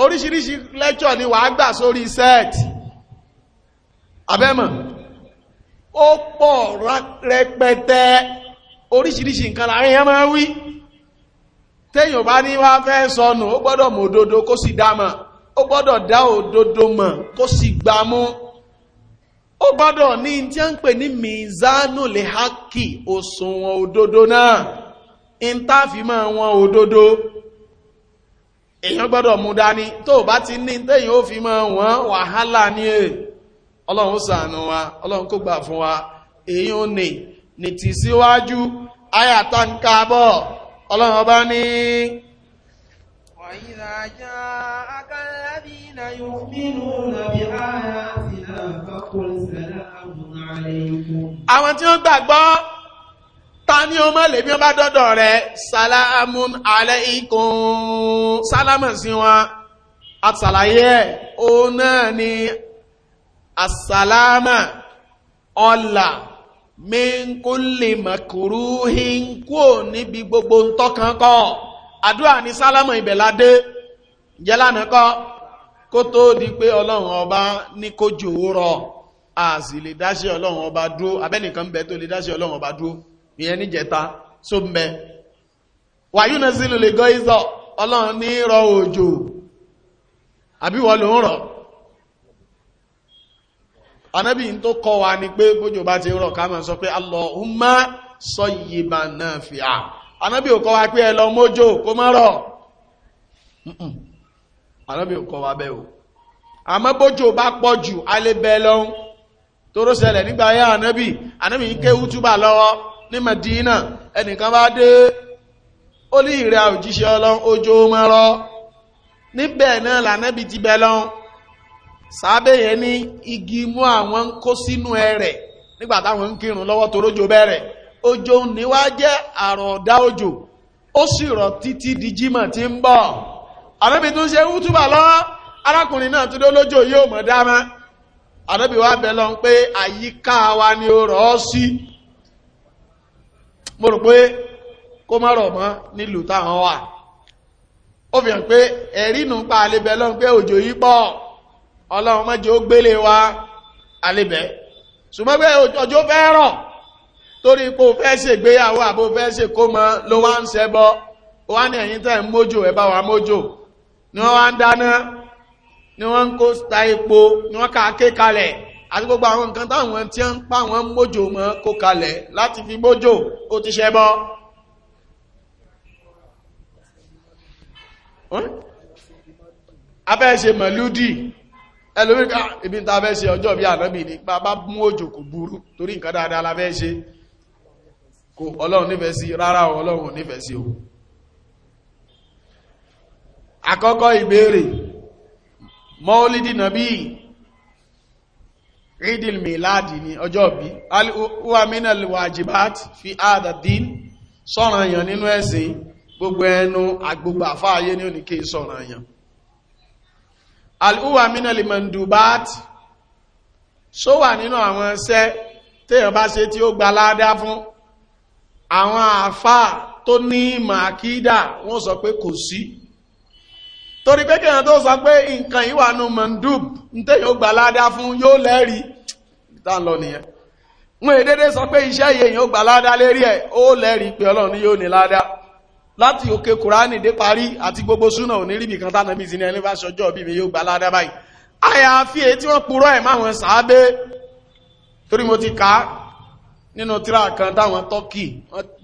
oríṣiríṣi lẹ́kṣọ̀ ni wàá gbà sórí sẹ́ẹ̀tì abẹ́mọ̀ ó pọ̀ rẹpẹtẹ oríṣiríṣi nǹkan láàrin ẹ wí téèyàn bá ní wá fẹ́ sọnù ó gbọ́dọ̀ mọ òdodo kó sì dá mọ̀ ó gbọ́dọ̀ dá òdodo mọ̀ kó sì gbà mú ó gbọ́dọ̀ ní tí a ń pè ní mizanu lè hákì òṣùwọ̀n òdodo náà ń táàfì mọ́ wọn òdodo èèyàn gbọ́dọ̀ mú dání tó bá ti ní téèyàn ó fi mọ́ wọn wàhálà ni è e. ọlọ́run ṣàánú wa ọlọ́run kó gbà fún wa èèyàn ò ní ní ti síwájú ayàtọ̀ ń kábọ̀ ọlọ́run ọba ní وَإِذَا جَاءَكَ الَّذِينَ يُؤْمِنُونَ بِآيَاتِنَا فَقُلْ سَلَامٌ عَلَيْكُمْ àwọn tí ó gbàgbọ́ ta ni o mọ̀ lèmi ọba dọ́dọ̀ rẹ̀ salamun aleikum sálámù sí wọn àtàlàyé ẹ̀ òun náà ni àsàlámà ọ̀là min kulli makruhin kúò níbi gbogbo ntọ́kan kọ́ àdúrà ní sálámọ̀ ìbẹ̀ládé jẹ́lànà kọ́ kó tó di pé ọlọ́run ọba ní kójú rọ̀ a sì lè dáṣẹ́ ọlọ́run ọba dúró abẹ́nìkan bẹ tó lè dáṣẹ́ ọlọ́run ọba dúró ìyẹn níjẹta só mbẹ wàyú náà sílùú lè gọ́ ìzọ ọlọ́run ní rọ òjò àbí wọ́n ló rọ̀ anábì tó kọ́ wa ni pé bójò bá ti rọ̀ ká sọ pé Allahumma sayyiban nafi'a anábì ò kọ́ wa pé ẹ lọ kó má rọ̀ anábì ò kọ́ wa bẹ́ẹ̀ o àmọ́ bójò bá pọ̀ jù alébẹ́ lọ́hún nígbà ayé anábì anábì ń ké wútúbà ẹnìkan bá dé ó ní sábẹ́ ní igi mú àwọn ń kó sínú ẹrẹ̀ nígbà táwọn ń kírun lọ́wọ́ tó rójò bẹ̀rẹ̀ òjò níwá jẹ́ òjò ó sì rọ títí di tí ń bọ̀ ànábì ṣe wútúbà lọ́wọ́ arákùnrin náà tó yóò mọ̀ wá pé àyíká wa ni ó sí pé kó má rọ̀ mọ́ nílùú táwọn wà ó fi pé ẹ̀rí nù pa pé òjò ọlọ́run mọ́jẹ́ ó gbélé wa alébẹ̀ ṣùgbọ́gbẹ́ ọjọ́ fẹ́ rọ̀ torí pò fẹ́ ṣe gbéyàwó àbò fẹ́ ṣe kó mọ́ ló wá ń ṣẹbọ wá ní ẹ̀yìn tẹ́ ń mójò ẹ bá wa mójò ni wọ́n wá ń dáná ni wọ́n ń kó ta epo ni wọ́n ká ké kalẹ̀ àti gbogbo àwọn nǹkan táwọn tí ń pa àwọn mójò mọ́ kó kalẹ̀ láti fi mójò ó ti ṣẹbọ hm? abẹ́ ṣe mọ̀lúdì ẹlòmí ká ibi ta fẹ́ ṣe ọjọ́ bí ànábì ní pa bá mú òjò kò burú torí nǹkan dáadáa la fẹ́ ṣe kò ọlọ́run nífẹ̀ẹ́ sí rárá ọlọ́run nífẹ̀ẹ́ sí o àkọ́kọ́ ìbéèrè mọ́ọ́lídì nàbí rídìl mìláàdì ní ọjọ́ bí wà mínà wàjìbát fi àdà dín sọ̀ranyàn nínú ẹ̀sìn gbogbo ẹnu àgbogbo àfáàyé ní oníkè sọ̀ranyàn al'uwa mina limandubat so wà nínú àwọn iṣẹ́ téèyàn bá ṣe tí ó gba ládá fún àwọn àfáà tó ní ìmọ̀ àkídà wọ́n sọ pé kò sí torí pé kéèyàn tó sọ pé nǹkan yìí wà nínú mandub téèyàn ó gba fun yo yóò lẹ́rìí lo lọ nìyẹn wọ́n dede sọ pé iṣẹ́ yìí èèyàn ó gba ládá lérí ẹ̀ ó lẹ́rìí pé ọlọ́run yóò ní ládá láti òkè kùránì dé parí àti gbogbo súnà ò ní ríbi kan tánà bí sinẹ́ nípa ṣọjọ́ bí mi yóò gbà ládá báyìí àyàfi èyí tí wọ́n purọ́ ẹ̀ máwọn sàábé torí mo ti kà á nínú tíra kan táwọn tọ́kì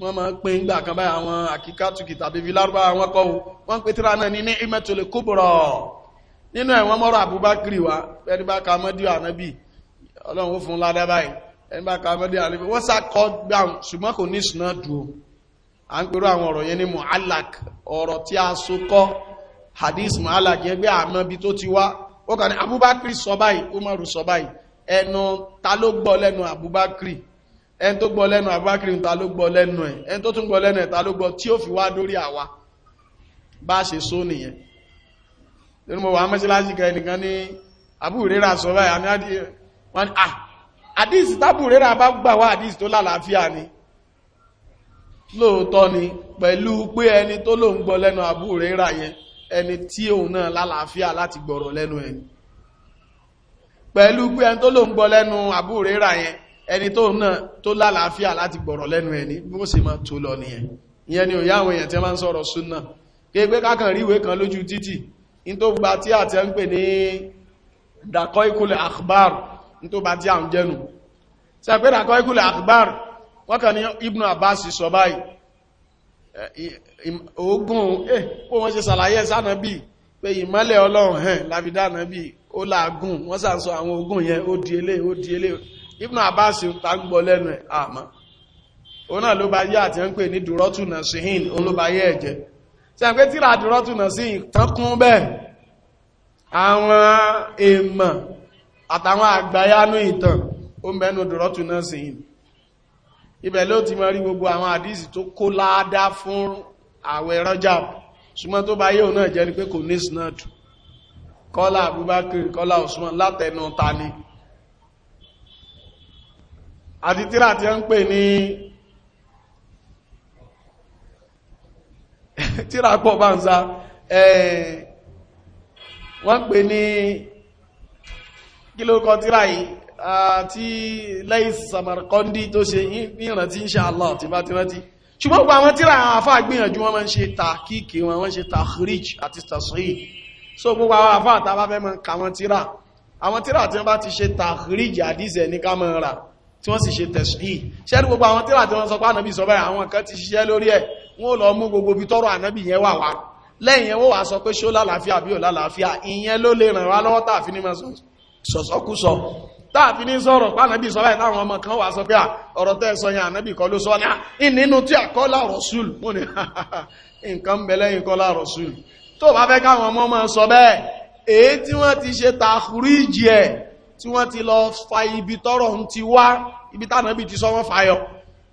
wọ́n máa ń pín ìgbà kan báyìí àwọn àkíkátùkì tàbí fi lárúbá wọn kọ́ wọn ń pè tíra náà ní ní ìmẹ́tòlè kúbọ̀rọ̀ nínú ẹ̀wọ̀n mọ́rọ̀ àbúbákiri wa ẹni bá ka mọ́dí ànábì ọlọ́run ó fún ládá báyìí ẹni bá ka mọ́dí ànábì wọ́n sá kọ́ gbà ṣùgbọ́n kò ní ìsúná dùn a ń pèrò àwọn ọ̀rọ̀ yẹn ní mu'allak ọ̀rọ̀ tí a so kọ́ hadith mu'allak yẹn gbé àmọ́ bí tó ti wá ó kàn ní abubakar umaru sọ báyìí ẹnu ta ló gbọ́ lẹ́nu abubakar ẹni tó gbọ́ lẹ́nu abubakar ta ló gbọ́ lẹ́nu ẹ̀ ẹni tó tún gbọ́ lẹ́nu ẹ̀ ta ló gbọ́ tí ó fi wá dórí àwa bá ṣe só nìyẹn nínú mọ̀ wà mẹ́síláṣí kan ẹnìkan ní abúrérà sọ àmì àdìsí tábùrérà bá gbà wá lóòótọ́ ni pẹ̀lú pé ẹni tó lóun gbọ́ lẹ́nu Abu Huraira yẹn ẹni tí òun náà lálàáfíà láti gbọ́rọ̀ lẹ́nu ẹni pẹ̀lú pé ẹni tó lóun gbọ́ lẹ́nu Abu Huraira yẹn ẹni tó náà tó lálàáfíà láti gbọ́rọ̀ lẹ́nu ẹni bó sì máa tó lọ nìyẹn ìyẹn ni òyà àwọn èèyàn tí wọ́n ń sọ̀rọ̀ súnà kéègbé kákan ríwé kan lójú títì in tó gba tí àti ẹ ń pè ní dàkọ́ ìkúlẹ̀ akhbar in tó gba tí à ń jẹnu sẹ́pẹ́ dàkọ́ ìkúlẹ̀ akhbar wọ́n kàn ní Ibn Abbas sọ báyìí eh, ogun eh ó wọ́n ṣe ṣàlàyé sánàbí pé ìmọ́lẹ̀ ọlọ́run hẹn lábidánàbí ó láàgùn wọ́n sà ń sọ àwọn ogun yẹn ó di elé ó di elé Ibn Abbas ta ń gbọ́ lẹ́nu ẹ̀ àmọ́ òun náà ló bá yé àti ń pè ní dùrọ́tù nà síhìn òun ló bá yé ẹ̀jẹ̀ tí a pé tíra dùrọ́tù nà síhìn tán kún bẹ́ẹ̀ àwọn èèmọ̀ àtàwọn àgbáyánú ìtàn ó mẹ́nu dùrọ́tù nà síhìn ibẹ̀ ló ti máa rí gbogbo àwọn àdísì tó kó láádá fún àwẹ̀ Rajab ṣùgbọ́n tó bá yóò náà jẹ́ ni pé kò ní sinadu kọ́lá Abubakar kọ́lá Usman látẹnu ta ni àdítírà tí ó ń pè ní [LAUGHS] tíra pọ̀ bá ń sa wọ́n pè ní kí ló kọ tíra yìí àti lẹ́yìn samarkandi tó ṣe ìrántí inshallah ti bá ti rántí ṣùgbọ́n gbogbo àwọn tíra àwọn àfáà gbìyànjú wọn máa ń ṣe tàkíkì wọn wọ́n ṣe tàkhrij àti tasrih so gbogbo àwọn àfáà àtàbá fẹ́ mọ́ ka wọn tíra àwọn tíra tí wọ́n bá ti ṣe tàkhrij àdíṣẹ́ ní ká máa rà tí wọ́n sì ṣe tasrih ṣẹ́rí gbogbo àwọn tíra tí wọ́n sọ pé ànábì sọ báyìí àwọn kan ti ṣiṣẹ́ lórí ẹ̀ wọ́n lọ mú gbogbo ibi tọ́rọ̀ ànábì yẹn wà wá lẹ́yìn yẹn wọ́n wá sọ sọ̀sọ́kúsọ táàfi ní sọ̀rọ̀ pánàbí sọ́lá ìtàwọn ọmọ kan wà sọ pé ọ̀rọ̀ tẹ́ sọ yẹn ànábì kọ́ ló sọ ní ìnínú tí àkọ́lá rọ̀súl mú ní nǹkan ń bẹ̀lẹ́ ìkọ́lá rọ̀súl tó bá fẹ́ káwọn ọmọ ọmọ sọ bẹ́ẹ̀ èyí tí wọ́n ti ṣe tàkùrí ìjì ẹ̀ tí wọ́n ti lọ fa ibi tọ́rọ̀ ń ti wá ibi tánàbì ti sọ wọ́n fayọ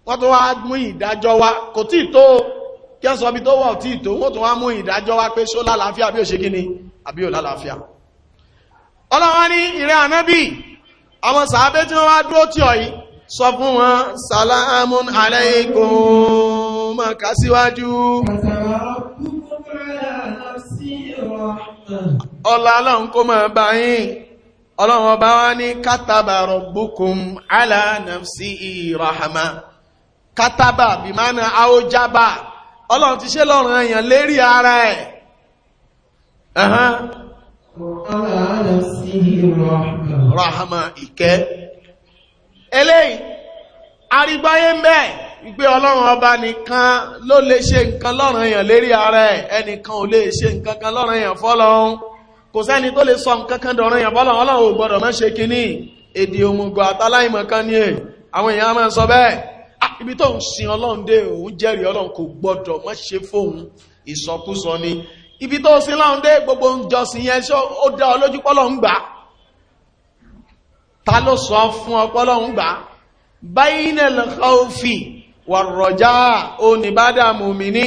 wọ́n tó wá mú ìdájọ́ wá kò tí tó kí wọ́n sọ ibi tó wọ̀ tí tó wọ́n tó wá mú ìdájọ́ wá pé ṣó lálàáfíà bí ò ṣe kí àbí ò lálàáfíà ọlọ́wọ́ ní ìrẹ́ ànábì àwọn sàábé tí wọ́n wá dúró tí ọ̀ yìí sọ fún wọn salamun alaykum ma kà síwájú ọlá ọlọ́run kó máa bá yín ọlọ́run ọba wá ní kátàbà rabbukum ala nafsihi rahama kátàbà bí ti ṣe lọ́rùn èèyàn lérí ara ẹ̀ rahama ike eléyìí arígbáyé mẹ́ ìgbé ọlọ́run ọba nìkan ló lè ṣe nǹkan lọ́rùn èèyàn lérí ara ẹ̀ ẹnìkan ò lè ṣe nǹkan kan lọ́rùn èèyàn fọ́lọ́run kò sẹ́ni tó lè sọ nǹkan kan dọ̀rùn èèyàn fọ́lọ́run ọlọ́run ò gbọ́dọ̀ má ṣe kinní èdè òmùgọ̀ àtàláìmọ̀ kan ní è àwọn èèyàn máa sọ bẹ́ẹ̀ ah, ibi tó ń sin ọlọ́run dé òun jẹ́rìí ọlọ́run kò gbọ́dọ̀ má ṣe fóun ni ibi tó sin láhùn dé gbogbo ń jọsìn yẹn ṣó ó dá ọ lójú pọ́lọ̀ ń gbà ta ló sọ fún ọ pọ́lọ̀ ń gbà bainal khawfi warraja oníbádà mùmíní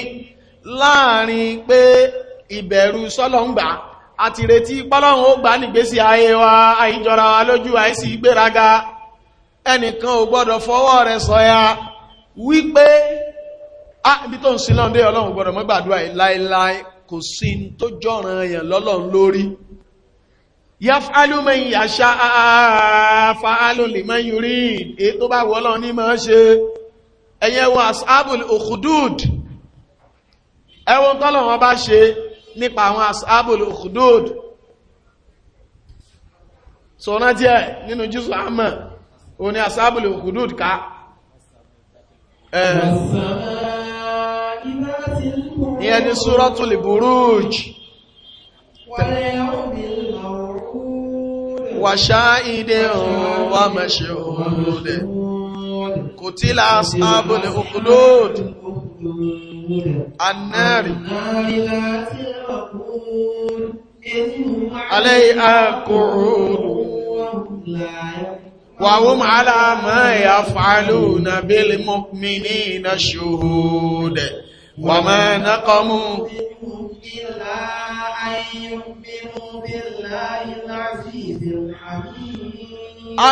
láàrin pé ìbẹ̀rù sọ́lọ̀ ń gbà àti retí pọ́lọ̀ ó gbà nígbésí ayé wa àìjọra wa lójú àìsí ìgbéraga ẹnìkan ò gbọ́dọ̀ fọwọ́ rẹ̀ sọ̀yà wípé ah ibi tó ń sin láhùn ọlọ́run gbọ́dọ̀ mọ́ gbàdúrà kò sí tó jọ́ràn èèyàn lọ́lọ́run lórí yaf'alu man yasha'a fa'alun liman yurid èyí tó bá wọ́lọ́ ní máa ṣe ẹ̀yẹ wọ ashabul ukhdud ẹwọ́n tọ́lọ̀ wọn bá ṣe nípa àwọn ashabul ukhdud sọ̀rọ̀ díẹ̀ nínú jùsù àmà òní ashabul ukhdud ká ẹ̀ẹ́ ìyẹn ni Suratul Buruj wa shahidin wa mashhudin qutila ashabul ukhdud النار عليها قعود وهم على ما يفعلون بالمؤمنين شهود وما نقموا إلا أن يؤمنوا بالله العزيز الحميد